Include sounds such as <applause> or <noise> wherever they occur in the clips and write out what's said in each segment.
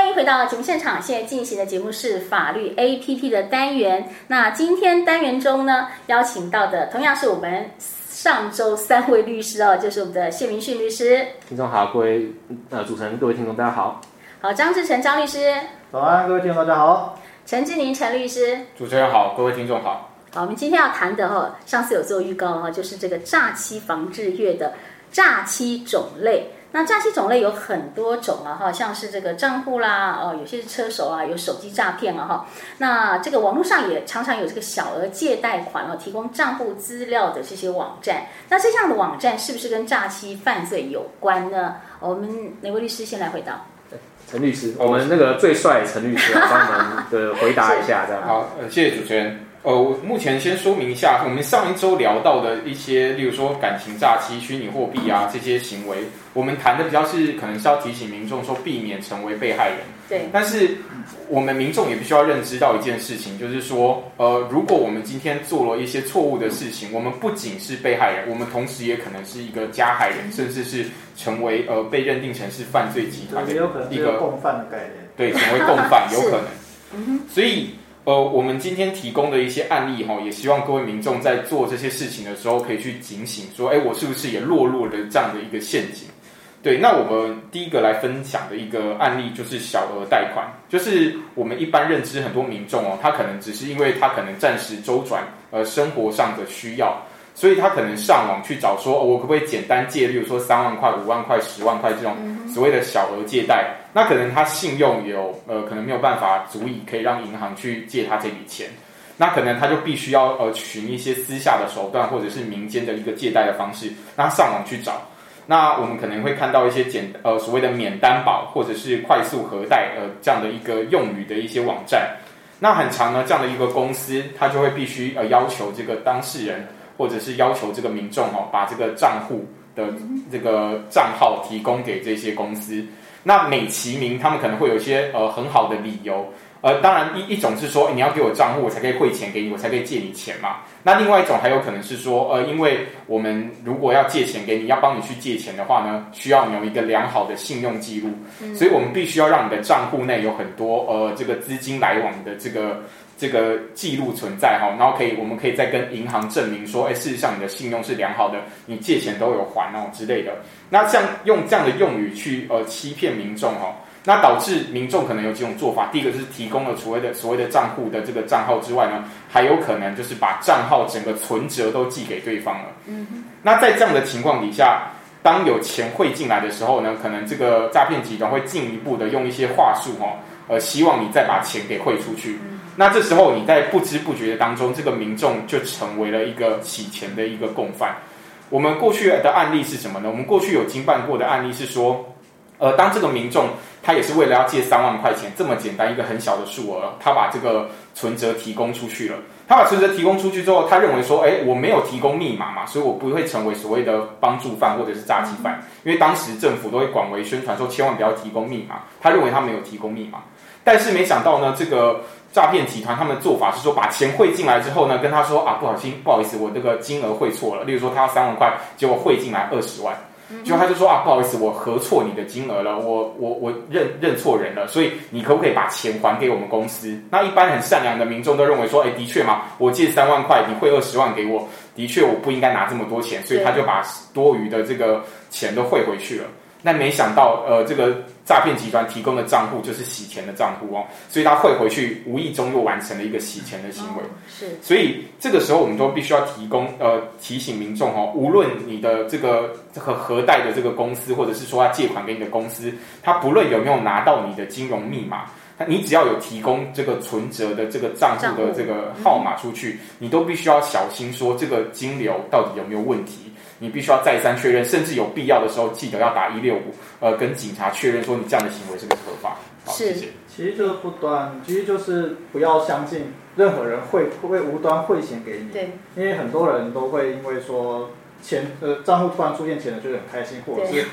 歡迎回到節目現場，現在進行的節目是法律 APP 的單元。那今天單元中呢，邀請到的同樣是我們上周三位律師哦，就是我們的謝明訓律師。聽眾好，各位呃主持人，各位聽眾大家好。好，張智程張律師。早安、啊，各位聽眾大家好。陳志寧陳律師。主持人好，各位聽眾好。好，我們今天要談的哈、哦，上次有做預告哈、哦，就是這個詐欺防治月的詐欺種類。那詐欺種類有很多種啊，哈，像是這個賬戶啦，哦，有些是車手啊，有手機詐騙啊，哈。那這個網絡上也常常有這個小額借貸款哦，提供賬戶資料的這些網站。那這樣的網站是不是跟詐欺犯罪有關呢？我們哪位律師先來回答？陳律師，我們那個最帥陳律師幫、啊、忙的回答一下這樣，這 <laughs> 好，謝謝主持人。呃，我目前先說明一下，我們上一周聊到的一些，例如說感情詐欺、虛擬貨幣啊這些行為，我們談的比較是可能是要提醒民眾說避免成為被害人。對。但是我們民眾也必須要認知到一件事情，就是說，呃，如果我們今天做了一些錯誤的事情，我們不僅是被害人，我們同時也可能是一個加害人，嗯、甚至是成為呃被認定成是犯罪集團的一個共犯的概念。對，對成為共犯有可能。嗯哼。所以。呃，我們今天提供的一些案例哈，也希望各位民眾在做這些事情的時候，可以去警醒，說，哎，我是不是也落入了這樣的一個陷阱？對，那我們第一個來分享的一個案例就是小額貸款，就是我們一般認知，很多民眾哦，他可能只是因為他可能暫時周轉，呃，生活上的需要，所以他可能上網去找說，呃，我可不可以簡單借，例如說三萬塊、五萬塊、十萬塊這種。所謂的小額借貸，那可能他信用有，呃，可能沒有辦法足以可以讓銀行去借他這筆錢，那可能他就必須要呃尋一些私下的手段或者是民間的一個借貸的方式，那上網去找。那我們可能會看到一些簡呃所謂的免擔保或者是快速核貸呃這樣的一個用語的一些網站。那很常呢，這樣的一個公司，他就會必須呃要求這個當事人或者是要求這個民眾哦，把這個賬戶。的、嗯、這個賬號提供給這些公司，那美其名他們可能會有一些呃很好的理由，呃，當然一一種是說你要給我賬戶，我才可以匯錢給你，我才可以借你錢嘛。那另外一種還有可能是說，呃，因為我們如果要借錢給你，要幫你去借錢的話呢，需要你有一個良好的信用記錄。嗯、所以我們必須要讓你的賬戶內有很多呃這個資金來往的這個。這個記錄存在哈，然後可以，我們可以再跟銀行證明說，哎，事實上你的信用是良好的，你借錢都有還哦之類的。那像用這樣的用語去呃欺騙民眾哈、哦，那導致民眾可能有幾種做法，第一個就是提供了所謂的所謂的賬戶的這個賬號之外呢，還有可能就是把賬號整個存折都寄給對方了。嗯，那在這樣的情況底下，當有錢匯進來的時候呢，可能這個詐騙集團會進一步的用一些話術哈、哦，呃，希望你再把錢給匯出去。嗯那這時候，你在不知不覺當中，這個民眾就成為了一個洗錢的一個共犯。我們過去的案例是什麼呢？我們過去有經辦過的案例是說，呃，當這個民眾他也是為了要借三萬塊錢，這麼簡單一個很小的數額，他把這個存摺提供出去了。他把存摺提供出去之後，他認為說，欸，我沒有提供密碼嘛，所以我不會成為所謂的幫助犯或者是詐欺犯，因為當時政府都會廣為宣傳說，千萬不要提供密碼。他認為他沒有提供密碼，但是沒想到呢，這個。詐騙集團他們的做法是說，把錢匯進來之後呢，跟他說啊，不好心，不好意思，我這個金額匯錯了。例如說他要三萬塊，結果匯進來二十萬，就他就說啊，不好意思，我核錯你的金額了，我我我認認錯人了，所以你可不可以把錢還給我們公司？那一般很善良的民眾都認為說，哎，的確嘛，我借三萬塊，你匯二十萬給我，的確我不應該拿這麼多錢，所以他就把多餘的這個錢都匯回去了。那沒想到，呃，這個詐騙集團提供的賬戶就是洗錢的賬戶哦，所以他匯回去，無意中又完成了一個洗錢的行為。哦、是，所以這個時候我們都必須要提供，呃，提醒民眾哦，無論你的這個這個核貸的這個公司，或者是說他借款給你的公司，他不論有沒有拿到你的金融密碼，你只要有提供這個存折的這個賬戶的這個號碼出去嗯嗯，你都必須要小心，說這個金流到底有沒有問題。你必須要再三確認，甚至有必要的時候記得要打一六五，呃，跟警察確認說你這樣的行為是不是合法。好，謝謝。其實就是不斷，其實就是不要相信任何人會會無端匯錢給你。對。因為很多人都會因為說錢，呃，賬戶突然出現錢了，覺得很開心，或者是。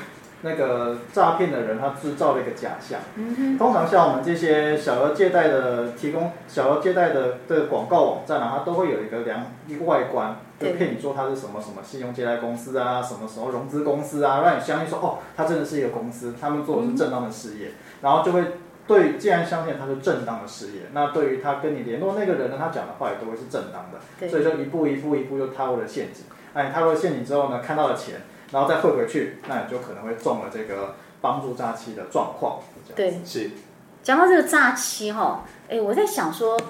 那個詐騙的人，他製造了一個假象。嗯、通常像我們這些小額借貸的提供小額借貸的這個廣告網站呢、啊，它都會有一個兩一個外觀，就騙你說他是什麼什麼信用借貸公司啊，什麼什麼融資公司啊，讓你相信說哦，他真的是一個公司，他們做的是正當的事業。嗯、然後就會對，既然相信他是正當的事業，那對於他跟你聯絡那個人呢，他講的話也都會是正當的。所以說一步一步一步就踏入了陷阱。哎、啊，踏入了陷阱之後呢，看到了錢。然後再匯回，回去，那你就可能會中了這個幫助詐欺的狀況。對，是講到這個詐欺哈，誒，我在想說，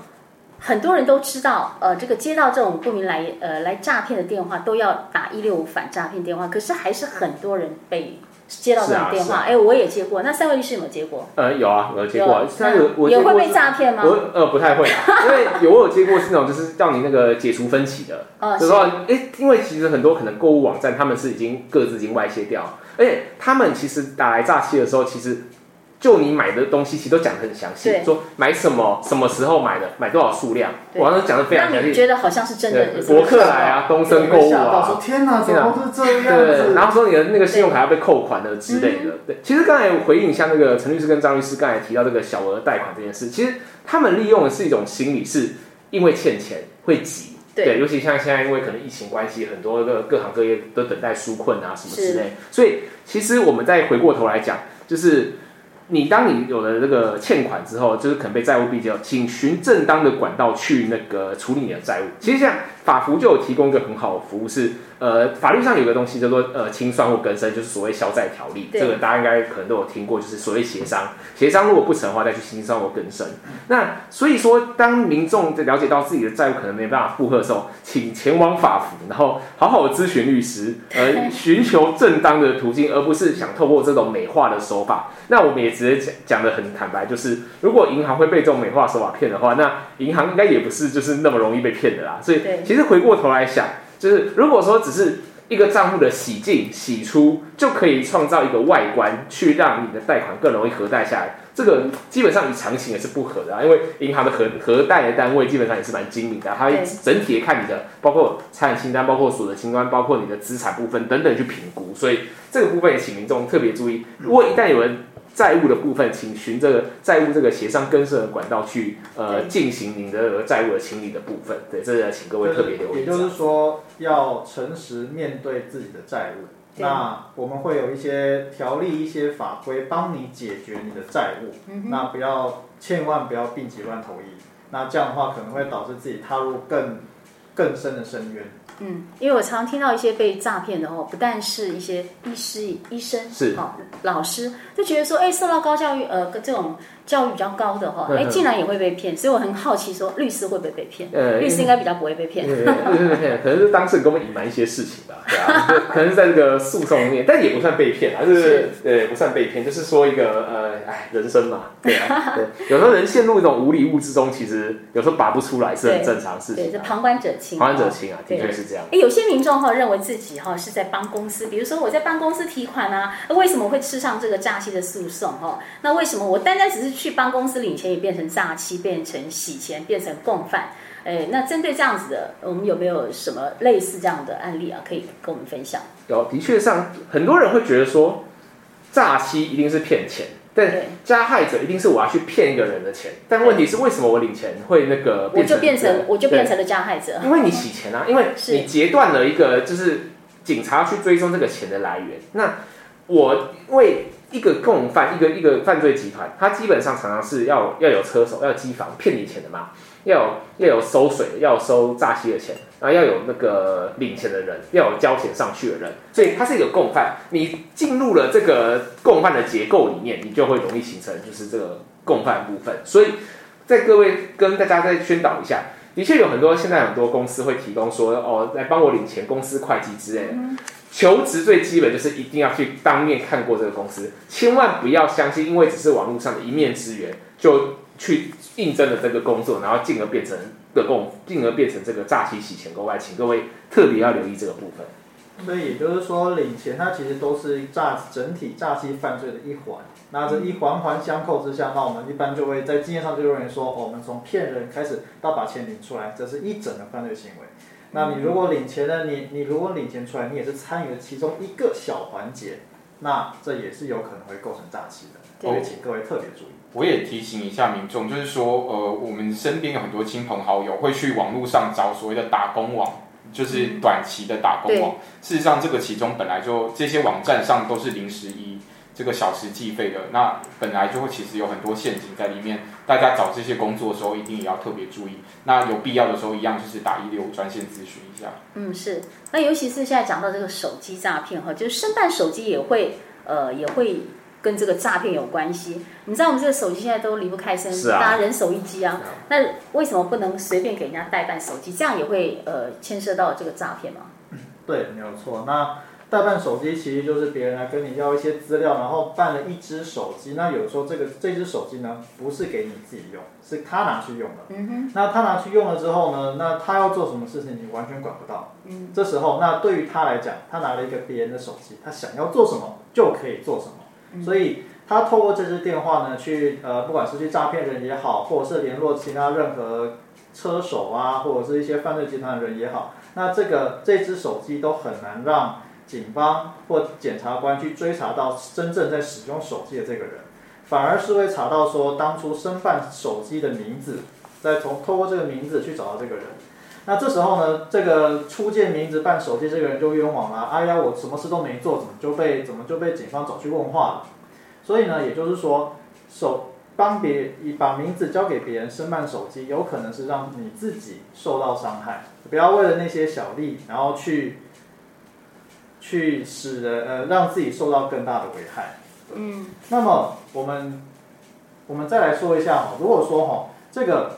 很多人都知道，呃，這個接到這種不明來呃來詐騙的電話，都要打一六五反詐騙電話，可是還是很多人被。接到這種電話，哎、啊啊欸，我也接過。那三位律師有沒有接過？呃，有啊，有接過。也、嗯、會被詐騙嗎？我呃不太會， <laughs> 因為有我有接過是那種就是叫你那個解除分歧的，嗯、就說哎、啊欸，因為其實很多可能購物網站他們是已經各自已經外泄掉，而且他們其實打來詐欺的時候，其實。就你買的東西，其實都講的很詳細，說買什麼、什麼時候買的、買多少數量，我當時講的非常詳細，你覺得好像是真的是。博客來啊，東森購物啊，天啊，怎麼是這樣？對，然後說你的那個信用卡要被扣款了之類的。對，對嗯、對其實剛才回應一下，那個陳律師跟張律師剛才提到這個小額貸款這件事，其實他們利用的是一種心理，是因為欠錢會急對，對，尤其像現在因為可能疫情關係，很多個各行各業都等待紓困啊什麼之類，所以其實我們再回過頭來講，就是。你當你有了這個欠款之後，就是可能被債務逼急，請循正當的管道去那個處理你的債務。其實像法扶就有提供一個很好的服務是。呃，法律上有個東西叫做呃清算或更生，就是所謂消債條例。這個大家應該可能都有聽過，就是所謂協商，協商如果不成的話，再去清算或更生。那所以說，當民眾了解到自己的債務可能沒辦法負荷的時候，請前往法扶，然後好好的諮詢律師，呃，尋求正當的途徑，而不是想透過這種美化的手法。 <laughs> 那我們也直接講講得很坦白，就是如果銀行會被這種美化手法騙的話，那銀行應該也不是就是那麼容易被騙的啦。所以其實回過頭來想，就是，如果說只是一個賬戶的洗進洗出，就可以創造一個外觀，去讓你的貸款更容易核貸下來。這個基本上與常情也是不合的啊，因為銀行的核核貸的單位基本上也是蠻精明的，啊，它整體也看你的，包括財產清單，包括所得清單，包括你的資產部分等等去評估。所以這個部分也請民眾特別注意。如果一旦有人債務的部分，請循這個債務這個協商更生的管道去呃進行您的債務的清理的部分。對，這個請各位特別留意。也就是說，要誠實面對自己的債務。那我們會有一些條例、一些法規幫你解決你的債務、嗯。那不要，千萬不要病急亂投醫。那這樣的話可能會導致自己踏入更更深的深淵。嗯，因為我常聽到一些被詐騙的哦，不但是一些醫師、醫生，是、哦、老師就覺得說，哎，受到高教育，呃，這種。教育比較高的哈，哎、欸，竟然也會被騙，所以我很好奇說，說律師會不會被騙？嗯、欸，律師應該比較不會被騙。對、欸欸欸、可能是當事人跟我們隱瞞一些事情吧，對、啊、 <laughs> 可能是在這個訴訟裡面，但也不算被騙啊、就是，是呃、欸，不算被騙，就是說一個呃，哎，人生嘛，對啊，對，有時候人陷入一種無理物之中，其實有時候拔不出來是很正常的事情、啊。對，對這旁觀者清，旁觀者清啊，的確是這樣。哎、欸，有些民眾哈、哦、認為自己哈、哦、是在幫公司，比如說我在幫公司提款啊，那為什麼會吃上這個詐欺的訴訟？哈，那為什麼我單單只是？去幫公司領錢也變成詐欺，變成洗錢，變成共犯。誒、欸，那針對這樣子的，我、嗯、們有沒有什麼類似這樣的案例啊？可以跟我們分享？有，的確上很多人會覺得說詐欺一定是騙錢，但加害者一定是我要去騙一個人的錢。但問題是，為什麼我領錢會那個變成？我就變成我就變成了加害者，因為你洗錢啊，因為你截斷了一個就是警察去追蹤這個錢的來源。那我為一個共犯，一個一個犯罪集團，他基本上常常是要要有車手，要機房騙你錢的嘛，要有要有收水要收詐欺的錢，啊，要有那個領錢的人，要有交錢上去的人，所以它是一個共犯。你進入了這個共犯的結構裡面，你就會容易形成就是這個共犯部分。所以在各位跟大家再宣導一下。的確有很多，現在很多公司會提供說，哦，來幫我領錢、公司會計之類的。求職最基本就是一定要去當面看過這個公司，千萬不要相信，因為只是網絡上的一面之緣就去應徵了這個工作，然後進而變成的工，進而變成這個詐欺洗錢共犯。請各位特別要留意這個部分。所以也就是說，領錢它其實都是詐整體詐欺犯罪的一環。那這一環環相扣之下，嗯、那我們一般就會在經驗上就認為說、哦，我們從騙人開始到把錢領出來，這是一整個犯罪行為。那你如果領錢呢、嗯，你你如果領錢出來，你也是參與了其中一個小環節，那這也是有可能會構成詐欺的。所以請各位特別注意。我也提醒一下民眾，就是說，呃，我們身邊有很多親朋好友會去網絡上找所謂的打工網。就是短期的打工網、哦、嗯，事實上這個其中本來就這些網站上都是臨時一這個小時計費的，那本來就會其實有很多陷阱在裡面，大家找這些工作的時候一定也要特別注意。那有必要的時候一樣就是打一六五專線諮詢一下。嗯，是。那尤其是現在講到這個手機詐騙哈，就是申辦手機也會呃也會。跟這個詐騙有關係，你知道我們這個手機現在都離不開身。是啊，大家人手一機啊，啊。那為什麼不能隨便給人家代辦手機？這樣也會呃牽涉到這個詐騙嗎？對，沒有錯。那代辦手機其實就是別人來跟你要一些資料，然後辦了一支手機。那有時候這個這支手機呢，不是給你自己用，是他拿去用的。嗯、那他拿去用了之後呢，那他要做什麼事情，你完全管不到。嗯。這時候，那對於他來講，他拿了一個別人的手機，他想要做什麼就可以做什麼。所以，他透過這支電話呢，去呃，不管是去詐騙人也好，或者是聯絡其他任何車手啊，或者是一些犯罪集團的人也好，那這個這支手機都很難讓警方或檢察官去追查到真正在使用手機的這個人，反而是會查到說當初申辦手機的名字，再從透過這個名字去找到這個人。那這時候呢，這個出借名字辦手機這個人就冤枉了。哎呀，我什麼事都沒做，怎麼就被怎麼就被警方找去問話了？所以呢，也就是說，手幫別把名字交給別人申辦手機，有可能是讓你自己受到傷害。不要為了那些小利，然後去去使人呃讓自己受到更大的危害。嗯。那麼我們我們再來說一下如果說哈這個。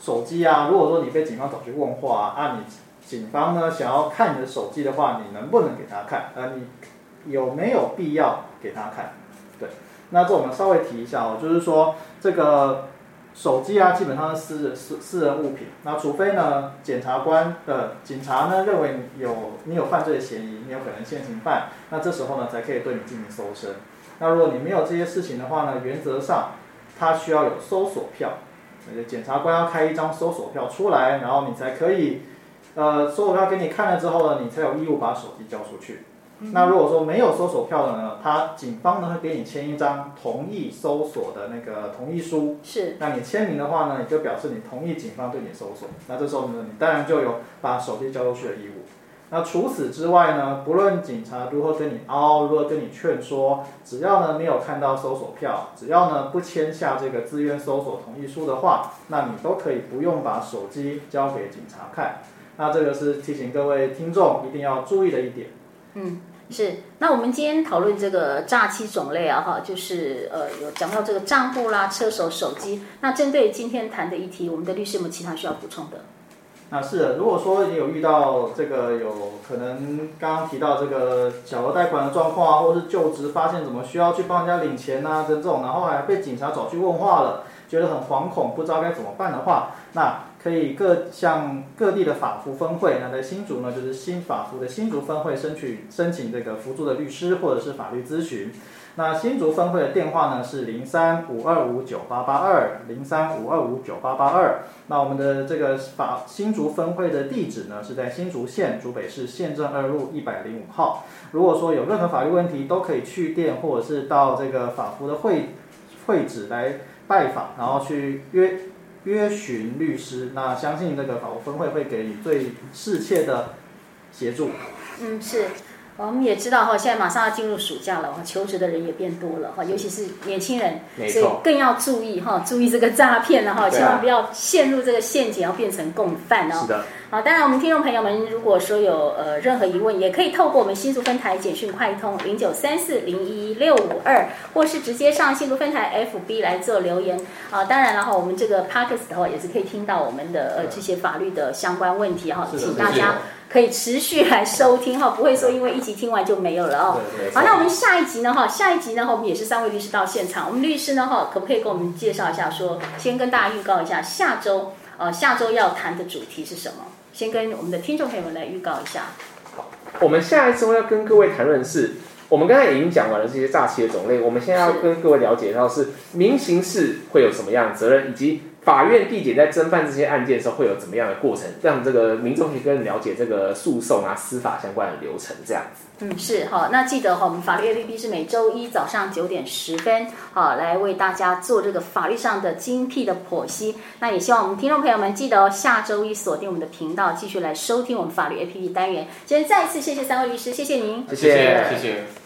手機啊，如果說你被警方找去問話啊，啊你警方呢想要看你的手機的話，你能不能給他看？呃，你有沒有必要給他看？對，那這我們稍微提一下哦，就是說這個手機啊，基本上是私私人物品。那除非呢，檢察官，呃，警察呢認為你有你有犯罪嫌疑，你有可能現行犯，那這時候呢才可以對你進行搜身。那如果你沒有這些事情的話呢，原則上他需要有搜索票。那個檢察官要開一張搜索票出來，然後你才可以，呃，搜索票給你看了之後呢，你才有義務把手機交出去。那如果說沒有搜索票的呢，他警方呢會給你簽一張同意搜索的那個同意書，是，那你簽名的話呢，你就表示你同意警方對你搜索，那這時候呢，你當然就有把手機交出去的義務。那除此之外呢，不論警察如何跟你嗷，如何跟你勸說，只要呢沒有看到搜索票，只要呢不簽下這個自願搜索同意書的話，那你都可以不用把手機交給警察看。那這個是提醒各位聽眾一定要注意的一點。嗯，是。那我們今天討論這個詐欺種類啊，哈，就是呃，有講到這個賬戶啦、車手手機。那針對今天談的議題，我們的律師有沒有其他需要補充的？那是、啊，的，如果說你有遇到這個有可能剛剛提到這個小額貸款的狀況啊，或是就職發現怎麼需要去幫人家領錢吶、啊，這種，然後還被警察找去問話了，覺得很惶恐，不知道該怎麼辦的話，那。可以各向各地的法服分會，那在新竹呢，就是新法服的新竹分會，申請申請這個扶助的律師或者是法律諮詢。那新竹分會的電話呢是零三五二五九八八二零三五二五九八八二。那我們的這個法新竹分會的地址呢是在新竹縣竹北市縣政二路一百零五號。如果說有任何法律問題，都可以去電或者是到這個法服的會會址來拜訪，然後去約。約詢律師，那相信那個法務分會會給你最適切的協助。嗯，是。我們也知道哈，現在馬上要進入暑假了哈，求職的人也變多了哈，尤其是年輕人，所以更要注意哈，注意這個詐騙的哈、啊，千萬不要陷入這個陷阱，要變成共犯哦。是的，好，當然我們聽眾朋友們，如果說有呃任何疑問，也可以透過我們新竹分台簡訊快通零九三四零一六五二，652，或是直接上新竹分台 FB 來做留言。啊，當然了哈，我們這個 Podcast 的話也是可以聽到我們的呃這些法律的相關問題哈，請大家。可以持續來收聽哈，不會說因為一集聽完就沒有了哦、oh。好，那我們下一集呢哈，下一集呢，我們也是三位律師到現場。我們律師呢哈，可不可以給我們介紹一下說，說先跟大家預告一下，下周呃，下周要談的主題是什麼？先跟我們的聽眾朋友們來預告一下。好，我們下一次會要跟各位談論的是，我們剛才已經講完了這些詐欺的種類，我們現在要跟各位了解到是，是民刑事會有什麼樣的責任，以及。法院地點在偵辦這些案件的時候，會有怎麼樣的過程？讓這個民眾可以更了解這個訴訟啊、司法相關的流程這樣子。嗯，是好。那記得哈，我們法律 APP 是每周一早上九點十分，好來為大家做這個法律上的精闢的剖析。那也希望我們聽眾朋友們記得哦，下周一鎖定我們的頻道，繼續來收聽我們法律 APP 單元。今天再一次謝謝三位律師，謝謝您，謝謝，謝謝。